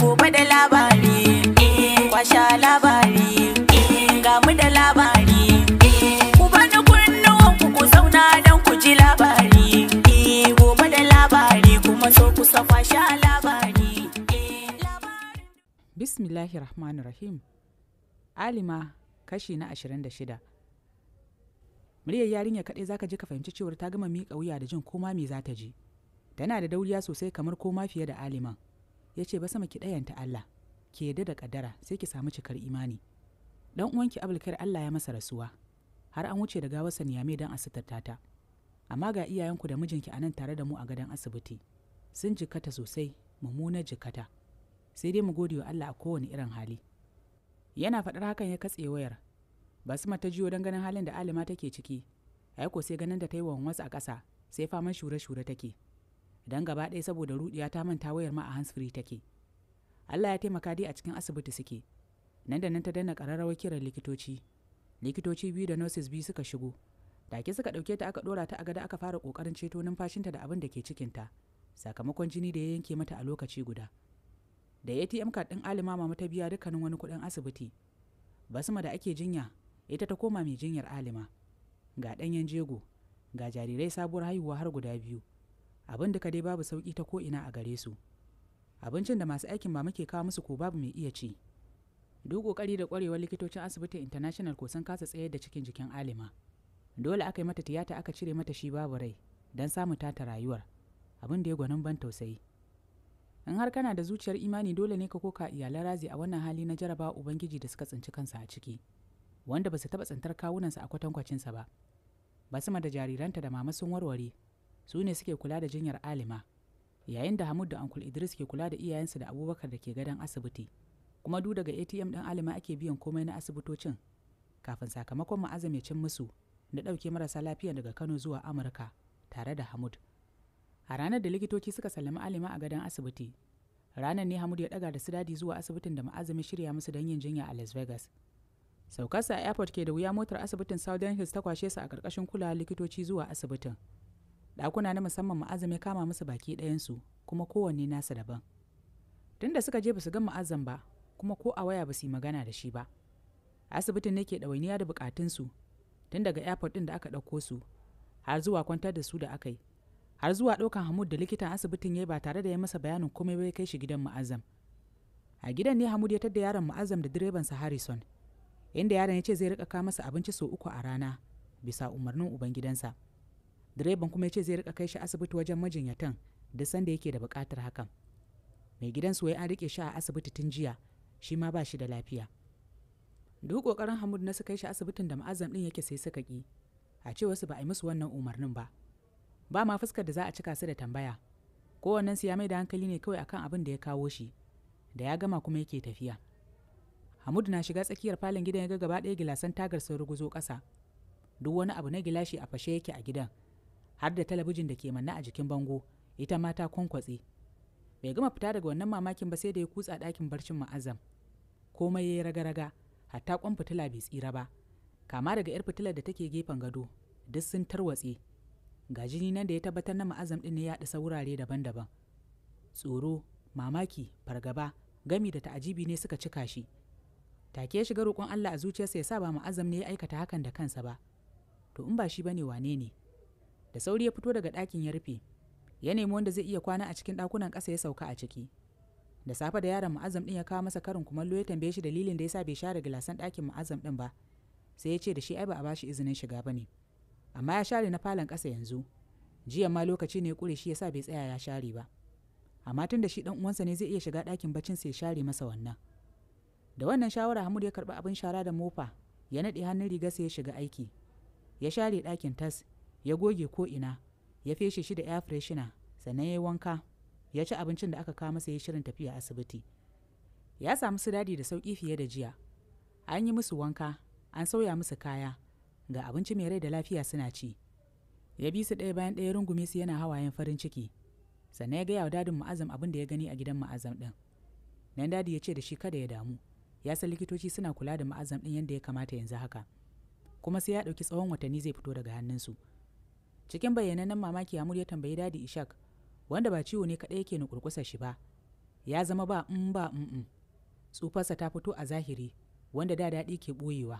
gobe da labari eh, kwasha labari eh, ga mu da labari eh, ku bani kunnuwan ku ku zauna don ku ji labari gobe da labari kuma so ku sa kwasha labari bismillahir rahmanir rahim alima kashi na 26 muryar yarinya kaɗai zaka ji ka fahimci cewar ta gama miƙa wuya da jin koma me za ta ji tana da dauriya sosai kamar koma fiye da aliman ya ce ba sama ki ɗayanta Allah ki yarda da ƙaddara sai ki samu cikar imani dan uwanki abulkar Allah ya masa rasuwa har an wuce da gawarsa niyame don a suturta ta amma ga iyayenku da mijinki nan tare da mu a gadon asibiti sun jikata sosai mummunar jikata sai dai mu gode wa Allah a kowane irin hali yana faɗar hakan ya katse wayar Ba su ta jiyo don ganin halin da alima take ciki aiko sai ganin da ta yi wanwas a ƙasa sai faman shure-shure take don gaba ɗaya saboda rudiya ta manta wayar ma a free take allah ya taimaka dai a cikin asibiti suke nan da nan ta danna ƙararrawar kiran likitoci likitoci biyu da nurses biyu suka shigo ke suka ɗauke ta aka ɗora ta a gada aka fara ƙoƙarin ceto numfashinta da abin da ke cikinta sakamakon jini da ya yanke mata a lokaci guda da atm card ɗin alima mama ta biya dukkanin wani kuɗin asibiti basma da ake jinya ita ta koma mai jinyar alima ga ɗanyen jego ga jarirai sabuwar haihuwa har guda biyu abin duka dai babu sauƙi ta ko'ina a gare su abincin da masu aikin ba muke kawo musu ko babu mai iya ci duk ƙoƙari da ƙwarewar likitocin asibitin international ko sun kasa tsayar da cikin jikin alima dole aka yi mata tiyata aka cire mata shi babu rai don samun tata rayuwar abin da ya gwanin ban tausayi in har kana da zuciyar imani dole ne ka koka iyalan razi a wannan hali na jaraba ubangiji da suka tsinci kansa a ciki wanda ba su taɓa tsintar kawunansa a kwatankwacinsa ba Ba su da jariranta da mama sun warware su ne suke kula da jinyar alima yayin da hamud da ankul idris ke kula da iyayensu da abubakar da ke gadon asibiti kuma duk daga atm ɗin alima ake biyan komai na asibitocin kafin sakamakon ma'azam ya cin musu na ɗauke marasa lafiya daga kano zuwa amurka tare da hamud a ranar da likitoci suka sallami alima a gadon asibiti ranar ne hamud ya ɗaga da su dadi zuwa asibitin da ma'azumi shirya musu don yin jinya a las vegas saukarsa a airport ke da wuya motar asibitin southern hills ta kwashe su a ƙarƙashin kulawar likitoci zuwa asibitin Dakuna na musamman ma'azam ya kama musu baki ɗayansu kuma kowanne nasa daban tun da suka je ba su ga ma'azam ba kuma ko a waya ba su yi magana da shi ba asibitin ne ke ɗawainiya da bukatunsu tun daga airport ɗin da aka ɗauko su har zuwa kwantar da su da aka yi har zuwa ɗaukan hamud da likitan asibitin ya ba tare da ya masa bayanin komai bai kai shi gidan ma'azam a gidan ne hamud ya tadda yaron ma'azam da direbansa harrison inda yaron ya ce zai rika kawo masa abinci sau uku a rana bisa umarnin ubangidansa gidansa direban kuma ya ce zai rika kai shi asibiti wajen majinyatan da sanda yake da buƙatar hakan mai gidan wai an rike shi a asibiti tun jiya shi ma ba shi da lafiya duk ƙoƙarin hamud na su kai shi asibitin da ma'azam ɗin yake sai suka ƙi a ce wasu ba a yi musu wannan umarnin ba ba ma fuskar da za a cika su da tambaya kowannen su ya mai da hankali ne kawai akan abin da ya kawo shi da ya gama kuma yake tafiya hamud na shiga tsakiyar falon gidan ya ga gaba ɗaya gilasan tagar sun ruguzo ƙasa duk wani abu na gilashi a fashe yake a gidan har da talabijin da ke manna a jikin bango ita ma ta kwankwatse bai gama fita daga wannan mamakin ba sai da ya kutsa ɗakin barcin ma'azam komai ya yi raga-raga hatta kwan fitila bai tsira ba kama daga 'yar fitilar da take gefen gado duk sun tarwatse ga jini nan da ya tabbatar na ma'azam ɗin ne ya ɗisa wurare daban-daban tsoro mamaki fargaba gami da ta'ajibi ne suka cika shi take ya shiga roƙon Allah a zuciyarsa ya sa ba ma'azam ne ya aikata hakan da kansa ba to in ba shi bane wane ne da sauri ya fito daga ɗakin ya rufe ya nemi wanda zai iya kwana a cikin ɗakunan ƙasa ya sauka a ciki da safe da yaron ma'azam ɗin ya kawo masa karin kumallo ya tambaye shi dalilin da yasa bai share gilasan ɗakin ma'azam ɗin ba sai ya ce da shi ai ba a bashi izinin shiga ba ne amma ya share na falon ƙasa yanzu jiya ma lokaci ne ya ƙure shi sa bai tsaya ya share ba amma tun da shi ɗan uwansa ne zai iya shiga ɗakin baccin sai ya share masa wannan da wannan shawara Hamud ya karɓi abin shara da mofa ya naɗe hannun rigarsa ya shiga aiki ya share ɗakin tas ya goge ko ina ya feshe shi da air freshener sannan ya yi wanka ya ci abincin da aka kawo masa ya shirin tafiya asibiti ya samu su dadi da sauki fiye da jiya an yi musu wanka an sauya musu kaya ga abinci mai rai da lafiya suna ci ya bi su ɗaya bayan ɗaya rungume su yana hawayen farin ciki sannan ya gaya wa dadin ma'azam abin da ya gani a gidan ma'azam ɗin nan dadi ya ce da shi kada ya damu ya san likitoci suna kula da ma'azam ɗin yadda ya kamata yanzu haka kuma sai ya ɗauki tsawon watanni zai fito daga hannunsu cikin bayyanannen mamaki amur ya tambayi dadi ishak wanda ba ciwo ne kaɗai yake nukurkusa shi ba ya zama ba in mm, ba in mm, mm. tsufarsa ta fito a zahiri wanda da daɗi ke ɓoyewa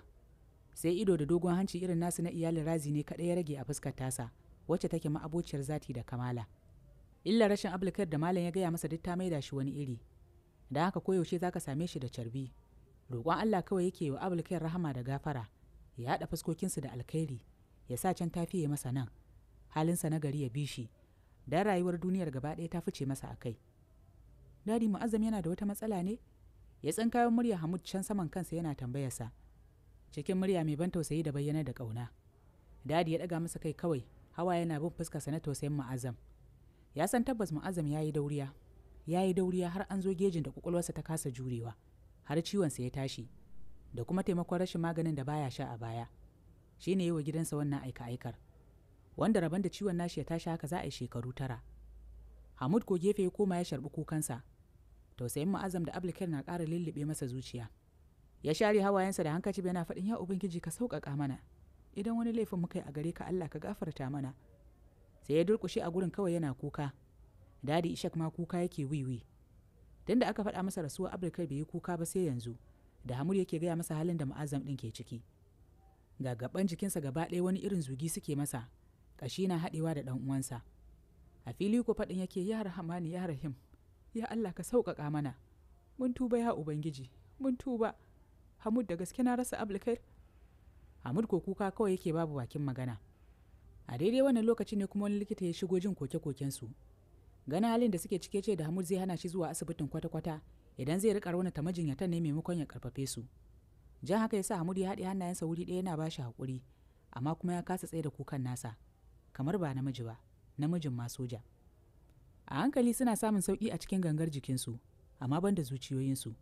sai ido da dogon hanci irin nasu na iyalin razi ne kaɗai ya rage a fuskar tasa wacce take ma'abociyar zati da kamala illa rashin ablikar da malam ya gaya masa duk ta maida shi wani iri da haka koyaushe za ka same shi da carbi roƙon allah kawai yake wa ablikar rahama da gafara ya haɗa fuskokinsu da alkhairi ya sa can tafiye masa nan halinsa na gari ya bi shi da rayuwar duniyar gaba ɗaya ta fice masa a kai dadi mu'azzam yana da wata matsala ne ya tsinkayo murya hamud can saman kansa yana tambayarsa cikin murya mai ban tausayi da bayyana da ƙauna dadi ya ɗaga masa kai kawai hawa yana bin fuskarsa na tausayin mu'azzam ya san tabbas mu'azzam ya yi dauriya ya yi dauriya har an zo gejin da kwakwalwarsa ta kasa jurewa har ciwonsa ya tashi da kuma taimakon rashin maganin da baya sha a baya Shi shine yi wa gidansa wannan aika-aikar wanda rabon da ciwon nashi ya tashi haka za a yi shekaru tara hamud ko gefe ya koma ya sharbi kukansa tausayin ma'azam da ablikar na ƙara lullube masa zuciya ya share hawayensa da hankacin yana faɗin ya ubangiji ka sauƙaƙa mana idan wani laifin muka yi a gare ka allah ka gafarta mana sai ya durƙushe a gurin kawai yana kuka dadi ishak ma kuka yake wiwi dan da aka faɗa masa rasuwa ablikar bai yi kuka ba sai yanzu da hamur yake gaya masa halin da ma'azam ɗin ke ciki ga gaban jikinsa gaba ɗaya wani irin zugi suke masa ƙashi na haɗewa da ɗan uwansa a fili ko faɗin yake ya rahamani ya rahim ya allah ka sauƙaƙa mana mun tuba ya ubangiji mun tuba hamud da gaske na rasa abulkair hamud ko kuka kawai yake babu bakin magana a daidai wannan lokaci ne kuma wani likita ya shigo jin koke-kokensu gana halin da suke cike ce da hamud zai hana shi zuwa asibitin kwata-kwata idan zai riƙa ta majinyatan ne maimakon ya karfafe su jan haka ya sa hamud ya haɗe hannayensa wuri ɗaya yana ba haƙuri amma kuma ya kasa tsaye da kukan nasa kamar ba namiji ba namijin ma soja a hankali suna samun sauki a cikin gangar jikinsu amma ban da zuciyoyinsu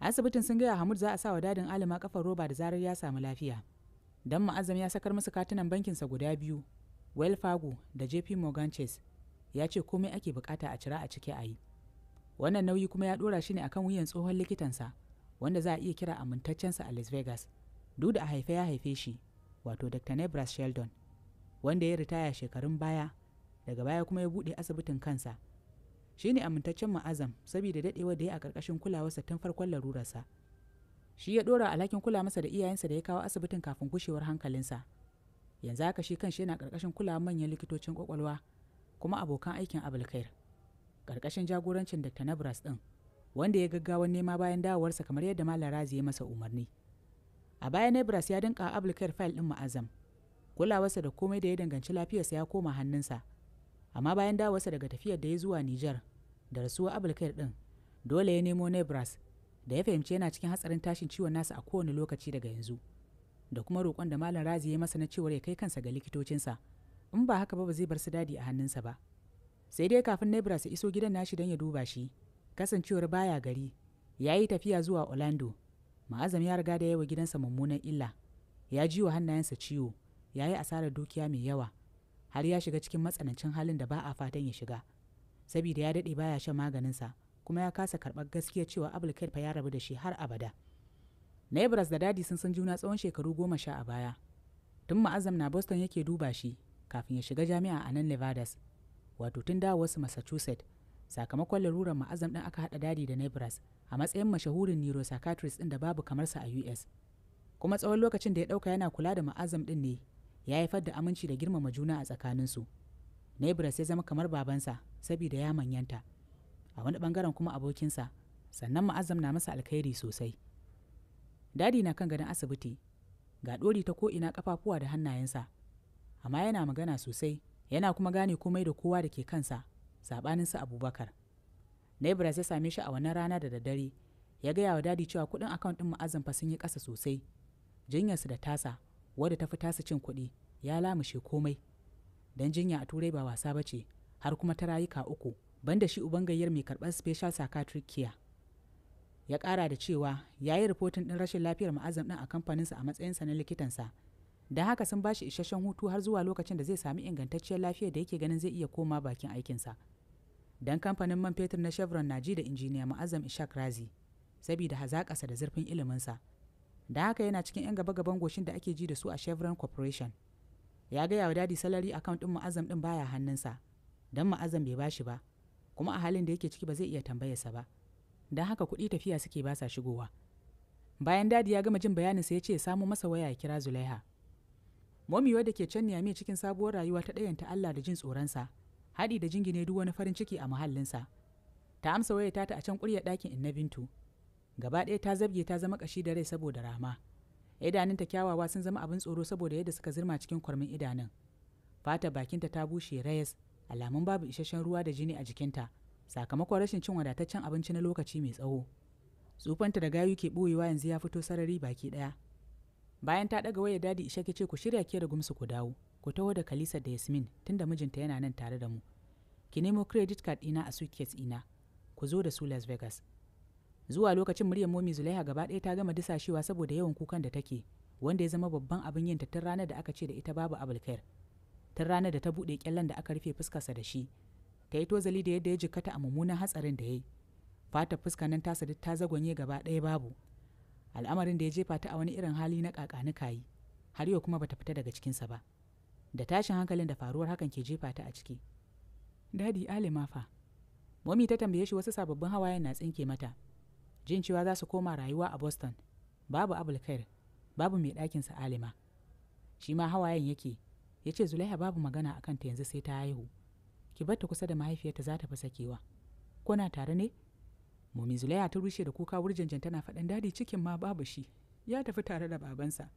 asibitin sun gaya hamud za a sa wa dadin alima kafar roba da zarar ya samu lafiya don ma'azam ya sakar musu katunan bankinsa guda biyu fargo da jp morgan chase ya ce komai ake bukata a cira a ciki a yi wannan nauyi kuma ya dora shi ne akan wuyan tsohon likitansa wanda za a iya kira amintaccensa a las vegas duk da a haife ya haife shi wato dr nebras sheldon wanda ya ritaya shekarun baya daga baya kuma ya buɗe asibitin kansa shi ne amintaccen ma'azam saboda daɗewar da ya a ƙarƙashin kulawarsa tun farkon larurarsa shi ya ɗora alhakin kula masa da iyayensa da ya kawo asibitin kafin gushewar hankalinsa yanzu haka shi kanshi yana ƙarƙashin kulawar manyan likitocin kwakwalwa, kuma abokan aikin abulkair ƙarƙashin jagorancin dr nabras ɗin wanda ya gaggawa nema bayan dawowarsa kamar yadda malam razi ya masa umarni a baya nabras ya dinka abulkair fayil ɗin ma'azam kulawarsa da komai da ya danganci lafiyarsa ya koma hannunsa amma bayan dawarsa daga tafiyar da ya zuwa Nijar da rasuwar Abulkair din dole ya nemo Nebras da ya fahimci yana cikin hatsarin tashin ciwon nasa a kowane lokaci daga yanzu da kuma roƙon da Malam Razi ya masa na cewar ya kai kansa ga likitocinsa in ba haka ba ba zai bar su dadi a hannunsa ba sai dai kafin Nebras ya iso gidan nashi don ya duba shi kasancewar baya gari ya yi tafiya zuwa Orlando ma'azam ya riga da yawa gidansa mummunan illa ya ji wa hannayensa ciwo ya yi asarar dukiya mai yawa har ya shiga cikin matsanancin halin da ba a fatan ya shiga saboda ya daɗe baya shan maganin sa kuma ya kasa karɓar gaskiya cewa abulkaid fa ya rabu da shi har abada nebras da dadi sun san juna tsawon shekaru goma sha a baya tun ma'azam na boston yake duba shi kafin ya shiga jami'a a nan nevadas wato tun wasu massachusetts sakamakon larurar ma'azam ɗin aka haɗa dadi da nebras a matsayin mashahurin neuropsychiatrist ɗin da babu sa a us kuma tsawon lokacin da ya ɗauka yana kula da ma'azam ɗin ne ya haifar da aminci da girmama juna a tsakaninsu naibras ya zama kamar babansa saboda ya manyanta a wani bangaren kuma abokinsa sannan ma'azam na masa alkhairi sosai dadi na kan gadon asibiti ga ɗori ta ko'ina kafafuwa da hannayensa amma yana magana sosai yana kuma gane komai da kowa da ke kansa saɓaninsa abubakar naibras ya same shi a wannan rana da daddare ya gaya wa dadi cewa kuɗin akaunt ɗin ma'azam fa sun yi ƙasa sosai jinyarsu da tasa wadda ta fi tasa cin kuɗi ya lamushe komai don jinya a turai ba wasa ba ce har kuma ta rayuka uku banda shi uban gayyar mai karɓar special psychiatric care ya ƙara da cewa ya yi rifotin ɗin rashin lafiyar ma'azam ɗin a kamfaninsa a matsayinsa na likitansa don haka sun bashi isasshen hutu har zuwa lokacin da zai sami ingantacciyar lafiyar da yake ganin zai iya koma bakin aikinsa don kamfanin man fetur na chevron na ji da injiniya ma'azam ishak razi saboda hazaƙasa da zurfin iliminsa da haka yana cikin 'yan gaba-gaban goshin da ake ji da su a chevron corporation ya gaya wa dadi salari account din ma'azam din baya hannunsa don ma'azam bai bashi ba kuma a halin da yake ciki ba zai iya tambayarsa ba don haka kuɗi tafiya suke ba sa shigowa bayan dadi ya gama jin bayaninsa ya ce ya samo masa waya ya kira zulaiha momi wadda ke can Niyami cikin sabuwar rayuwa ta ɗayanta allah da jin tsoronsa haɗi da jingine duk wani farin ciki a muhallinsa ta amsa waya ta a can kurya ɗakin inna bintu gaba ɗaya ta zabge ta zama ƙashi da rai saboda rama idanunta kyawawa sun zama abin tsoro saboda yadda suka zirma cikin kwarmin idanun fata bakinta ta bushe rayas alamun babu isasshen ruwa da jini a jikinta sakamakon rashin cin wadataccen abinci na lokaci mai tsawo tsufanta da gayu ke ɓoyewa yanzu ya fito sarari baki ɗaya bayan ta ɗaga waya dadi isha ce ku shirya ke da gumsu ku dawo ku taho da kalisa da yasmin tunda mijinta yana nan tare da mu ki nemo credit card ina a suitcase ɗina ku zo da su las vegas zuwa lokacin muryar momi zulaiha gaba ɗaya ta gama disashewa saboda yawan kukan da take wanda ya zama babban abin yin tun ranar da aka ce da ita babu abulkair tun ranar da ta buɗe kyallen da aka rufe fuskarsa da shi ta yi tozali da yadda ya jikkata a mummunan hatsarin da ya yi fatar fuska nan tasa duk ta zagonye gaba ɗaya babu al'amarin da ya jefa ta a wani irin hali na kakanika yi har yau kuma bata fita daga cikinsa ba da tashin hankalin da faruwar hakan ke jefa ta a ciki dadi ale fa momi ta tambaye shi wasu sababbin hawayen na tsinke mata jin cewa za su koma rayuwa a boston babu abulkair babu mai ɗakinsa alima shi ma hawayen yake ya ce zulaiha babu magana a kanta yanzu sai ta haihu ki bar kusa da mahaifiyarta za ta fi sakewa kuna tare ne momi zulaiha ta rushe da kuka wurjanjan tana faɗin dadi cikin ma babu shi ya tafi tare da babansa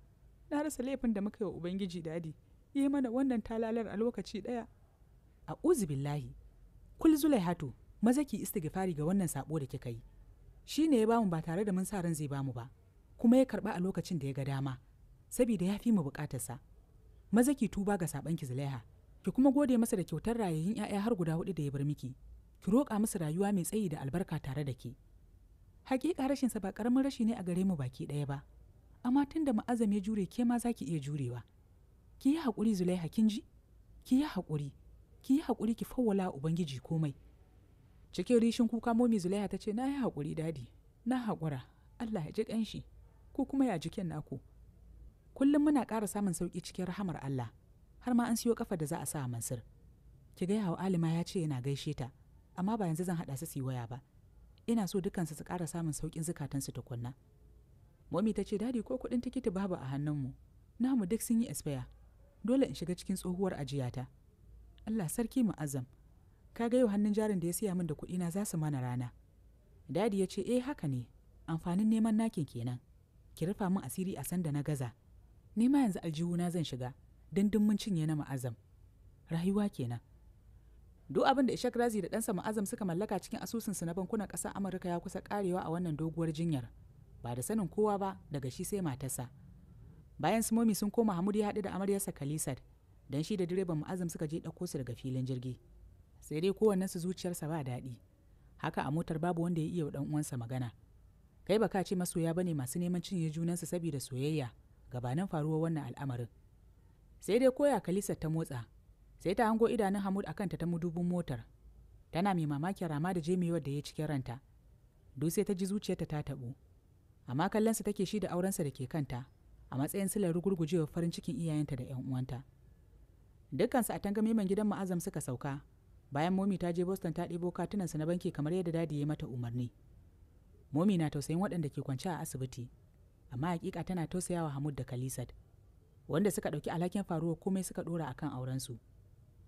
na rasa laifin da muka yi wa ubangiji dadi yi mana wannan talalar a lokaci ɗaya a uzu billahi kul zulaihatu maza ki istighfari ga wannan sabo da kika yi shi ne ya ba mu ba tare da mun sa ran zai ba mu ba kuma ya karba a lokacin da ya ga dama saboda ya fi mu bukatarsa maza ki tuba ga saban ki zulaiha ki kuma gode masa da kyautar rayayyun 'ya'ya har guda hudu da ya bar miki ki roƙa masa rayuwa mai tsayi da albarka tare da ke hakika rashin sa ba karamin rashi ne a gare mu baki ɗaya ba amma tun da ma'azam ya jure ke ma za ki iya jurewa ki yi haƙuri zulaiha kin ji ki yi haƙuri ki yi haƙuri ki fawwala ubangiji komai cikin rishin kuka momi zulaiha ta ce na yi haƙuri dadi na haƙura allah ya ji ƙanshi ko kuma ya jikin naku kullum muna ƙara samun sauƙi cikin rahamar allah har ma an siyo ƙafa da za a sa a mansur ki ga yawo alima ya ce yana gaishe ta amma ba yanzu zan haɗa su su waya ba ina so dukansu su ƙara samun sauƙin zukatansu tukunna momi ta ce dadi ko kuɗin tikiti babu a hannunmu namu duk sun yi espaya dole in shiga cikin tsohuwar ajiyata allah sarki mu azam ka ga yau hannun jarin da ya siya min da kuɗina za su mana rana dadi ya ce eh haka ne amfanin neman nakin kenan ki rufa min asiri a sanda na gaza ni ma yanzu aljihu na zan shiga dindin mun cinye na ma'azam rayuwa kenan duk abin da ishak razi da ɗansa ma'azam suka mallaka cikin asusunsu na bankunan ƙasar amurka ya kusa karewa a wannan doguwar jinyar ba da sanin kowa ba daga shi sai matarsa bayan sumomi sun koma hamud ya haɗu da amaryarsa Khalisat, don shi da direban ma'azam suka je ɗauko su daga filin jirgi sai dai kowannensu zuciyarsa ba daɗi haka a motar babu wanda ya iya wa uwansa magana kai baka ce masoya bane masu neman cinye junansu saboda soyayya gabanin faruwar wannan al'amarin sai dai koya kalisa ta motsa sai ta hango idanun hamud akan ta ta mudubin motar tana mai mamakin rama da jemewar da ya cikin ranta duk sai ta ji zuciyarta ta taɓu amma kallonsa take shi da aurensa da ke kanta a matsayin silar rugurgujewar farin cikin iyayenta da 'yan uwanta dukkansu a tangamiman gidan ma'azam suka sauka bayan momi ta je boston ta ɗebo katunansa na banki kamar yadda dadi ya mata umarni momi na tausayin waɗanda ke kwance a asibiti amma hakika tana tausayawa hamud da kalisat wanda suka ɗauki alhakin faruwa komai suka ɗora akan aurensu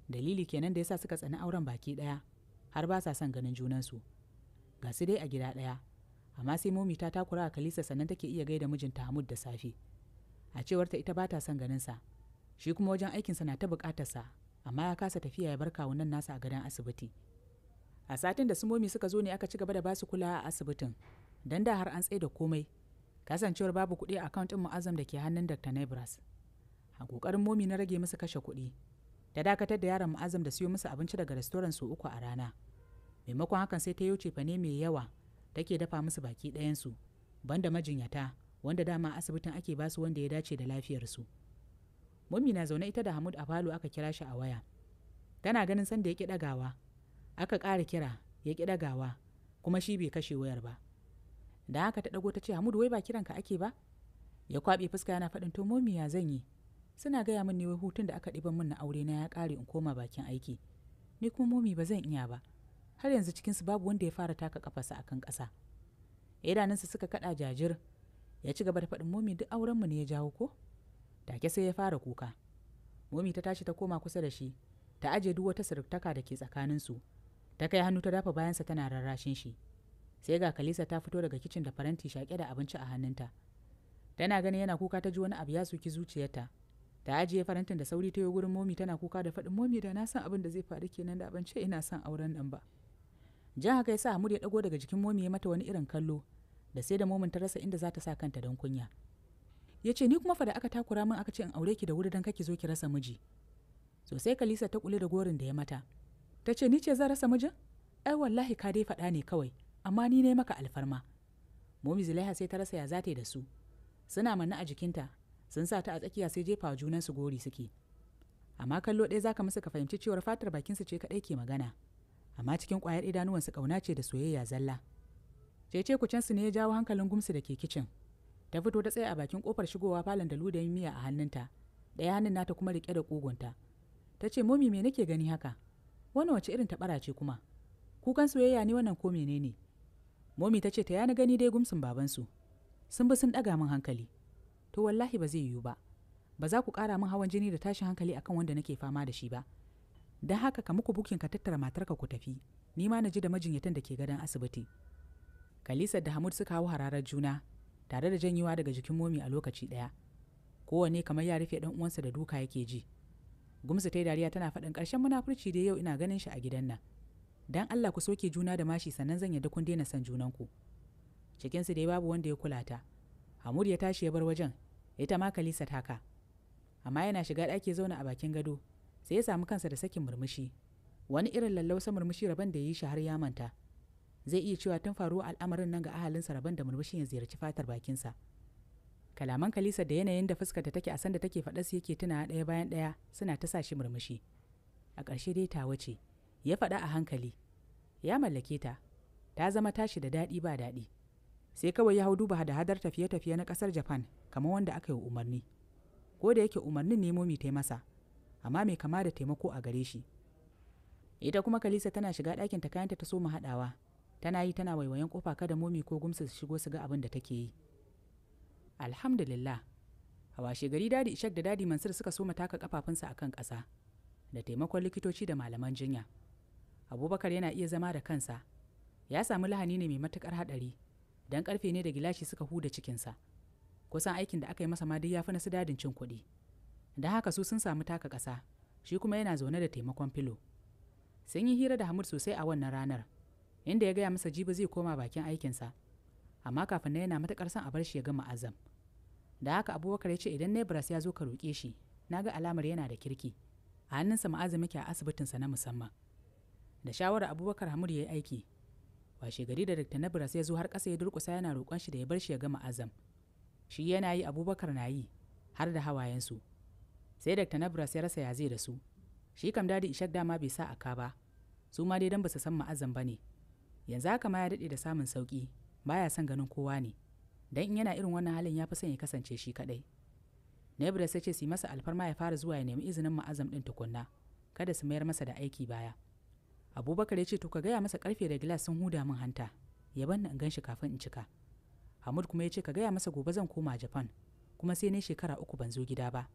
dalili kenan da yasa suka tsani auren baki ɗaya har ba sa son ganin junansu ga su dai a gida ɗaya amma sai momi ta takura a kalisa sannan take iya gaida mijinta hamud da safe a cewarta ita ba ta son ganinsa shi kuma wajen aikinsa na ta buƙatarsa amma ya kasa tafiya ya bar kawunan nasa a gadon asibiti a satin da sumomi suka zo ne aka ci gaba da basu kula a asibitin don da har an tsaye da komai kasancewar babu kuɗi a akaunt ɗin mu'azzam da ke hannun dr nebras a ƙoƙarin momi na rage musu kashe kuɗi ta dakatar da yaron mu'azzam da siyo musu abinci daga restoran su uku a rana maimakon hakan sai ta yi wuce fane mai yawa take dafa musu baki ɗayansu banda majinyata wanda dama asibitin ake basu wanda ya dace da lafiyarsu. su mummi na zaune ita da hamud a falo aka kira shi a waya tana ganin sanda ya ki ɗagawa aka ƙara kira ya ki ɗagawa kuma shi bai kashe wayar ba da haka ta ɗago ta ce hamud wai ba kiranka ake ba ya kwaɓe fuska yana faɗin to ya zan yi suna gaya min ne wai hutun da aka ɗiban min na aure na ya kare in koma bakin aiki ni kuma momi ba zan iya ba har yanzu cikinsu babu wanda ya fara taka kafarsa kan ƙasa idanunsa suka kaɗa jajir ya ci gaba da faɗin momi duk auren mu ne ya jawo ko take sai ya fara kuka momi ta tashi ta koma kusa da shi ta aje duk wata sirtaka da ke tsakaninsu ta kai hannu ta dafa bayansa tana rarrashin shi sai ga kalisa ta fito daga kicin da faranti shaƙe da abinci a hannunta tana ganin yana kuka ta ji wani abu ya soki zuciyarta ta ajiye farantin da sauri ta yi gurin momi tana kuka da faɗin momi da na san abin da zai faru kenan da abin ce ina son auren nan ba jan haka yasa Hamud ya dago daga jikin momi ya mata wani irin kallo da sai da momin ta rasa inda za ta sa kanta don kunya ya ce ni kuma fa da aka takura min aka ce in aure ki da wuri don kake zo ki rasa miji sosai kalisa ta kula da gorin da ya mata ta ce ni ce zan rasa mijin ai wallahi ka dai faɗa ne kawai amma ni ne maka alfarma momi zulaiha sai ta rasa ya zata da su suna manna a jikinta sun sa ta a tsakiya sai jefa junan su gori suke amma kallo ɗaya zaka musu ka fahimci cewar fatar bakinsu ce kaɗai ke magana amma cikin ƙwayar idanuwansu ƙauna ce da soyayya zalla cece su ne ya jawo hankalin gumsu da ke kicin ta fito ta tsaya a bakin kofar shigowa falon da ludayin miya a hannunta ɗaya hannun nata kuma riƙe da ƙugunta ta ce momi me nake gani haka wannan wace irin taɓara ce kuma kukan soyayya ne wannan ko menene momi ta ce ta yana gani dai gumsun babansu sun bi sun ɗaga min hankali to wallahi ba zai yiwu ba ba za ku ƙara min hawan jini da tashin hankali akan wanda nake fama da shi ba don haka ka muku bukin ka tattara matarka ku tafi ni ma na ji da majinyatan da ke gadon asibiti kalisa da hamud suka hau hararar juna tare da janyewa daga jikin momi a lokaci ɗaya kowanne kamar ya rufe ɗan uwansa da duka yake ji gumsa ta dariya tana faɗin ƙarshen munafurci da yau ina ganin shi a gidan nan dan Allah ku soke juna da mashi sannan zan yadda kun daina san junanku cikinsu dai babu wanda ya kula ta Hamud ya tashi ya bar wajen ita ma Kalisa taka amma yana shiga ɗaki zauna a bakin gado sai ya samu kansa da sakin murmushi wani irin lallausa murmushi rabon da ya yi shi har ya manta zai iya cewa tun faruwa al'amarin nan ga ahalin rabon da murmushin ya ziyarci fatar bakinsa kalaman kalisa da yanayin da fuskar ta take a sanda take faɗa su yake tuna ɗaya bayan ɗaya suna ta sa shi murmushi a ƙarshe dai ta wace ya faɗa a hankali ya mallake ta ta zama tashi da daɗi ba daɗi sai kawai ya hau duba da hadar tafiye-tafiye na ƙasar japan kamar wanda aka yi umarni ko da yake umarnin nemo mai taimasa amma mai kama da taimako a gare shi ita kuma kalisa tana shiga ɗakin ta kayanta ta so mu haɗawa tana yi tana waiwayen kofa kada momi ko gumsa su shigo su ga abin da take yi alhamdulillah a washe gari dadi ishak da dadi mansur suka soma taka kafafunsa a kan ƙasa da taimakon likitoci da malaman jinya abubakar yana iya zama da kansa ya samu lahani ne mai matuƙar haɗari don ƙarfe ne da gilashi suka huda cikinsa kusan aikin da aka yi masa ma duk ya fi na su dadin cin kuɗi da haka su sun samu taka ƙasa shi kuma yana zaune da taimakon filo sun yi hira da hamud sosai a wannan ranar inda ya gaya masa jibi zai koma bakin aikinsa amma kafin na yana matuƙar son a bar shi ya gama azam da haka abubakar ya ce idan nebras ya zo ka roƙe shi na ga alamar yana da kirki a hannunsa ma'azu ke a asibitinsa na musamman da shawarar abubakar hamur ya yi aiki washe gari da dakta nebras ya zo har ƙasa ya durƙusa yana roƙon shi da ya bar shi ya gama azam shi yana yi abubakar na yi har da hawayensu sai dakta nebras ya rasa ya zai da su shi kam dadi ishak dama bai sa aka ba su ma dai don ba su san ma'azam ba ne yanzu haka ma ya daɗe da samun sauƙi baya son ganin kowa ne dan in yana irin wannan halin ya fi son ya kasance shi kaɗai nebra sai ce su masa alfarma ya fara zuwa ya nemi izinin ma'azam ɗin tukunna kada su mayar masa da aiki baya abubakar ya ce to ka gaya masa karfe da gilas sun huda min hanta ya ban in gan shi kafin in cika hamud kuma ya ce ka gaya masa gobe zan koma japan kuma sai ne shekara uku ban zo gida ba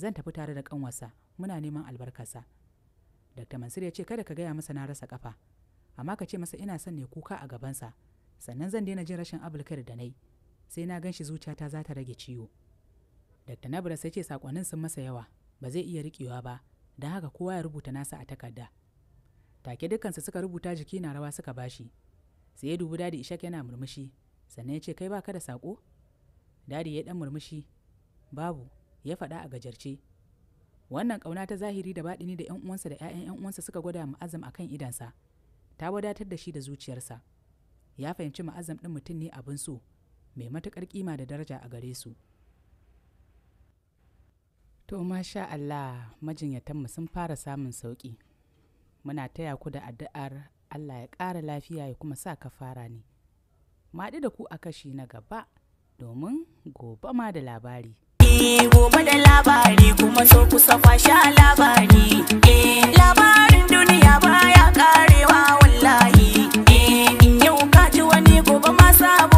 zan tafi tare da kanwarsa muna neman albarkarsa dr mansur ya ce kada ka gaya masa na rasa kafa amma ka ce masa ina son ne kuka a gabansa sannan zan daina jin rashin abulkar da nai sai na gan shi zuciyata za ta rage ciwo dr nabra sai ce sakonin sun masa yawa ba zai iya riƙewa ba don haka kowa ya rubuta nasa a takarda take dukkansu suka rubuta jiki na rawa suka bashi sai ya dubi dadi ishak yana murmushi sannan ya ce kai baka da sako dadi ya dan murmushi babu ya faɗa a gajarce wannan ƙauna ta zahiri da baɗini da 'yan uwansa da 'ya'yan 'yan uwansa suka gwada mu azam kan idansa ta wadatar da shi da zuciyarsa ya fahimci ma'azam ɗin mutum ne abin so mai matuƙar kima da daraja a gare su to masha Allah majinyatan sun fara samun sauƙi muna taya ku da addu'ar Allah ya ƙara lafiya ya kuma sa ka fara ne maɗi da ku a kashi na gaba domin gobe ma da labari eh, gobe da labari kuma so kusa kwasha labari eh, labarin duniya baya karewa wallahi eh, in yau ka ji wani gobe ma sabo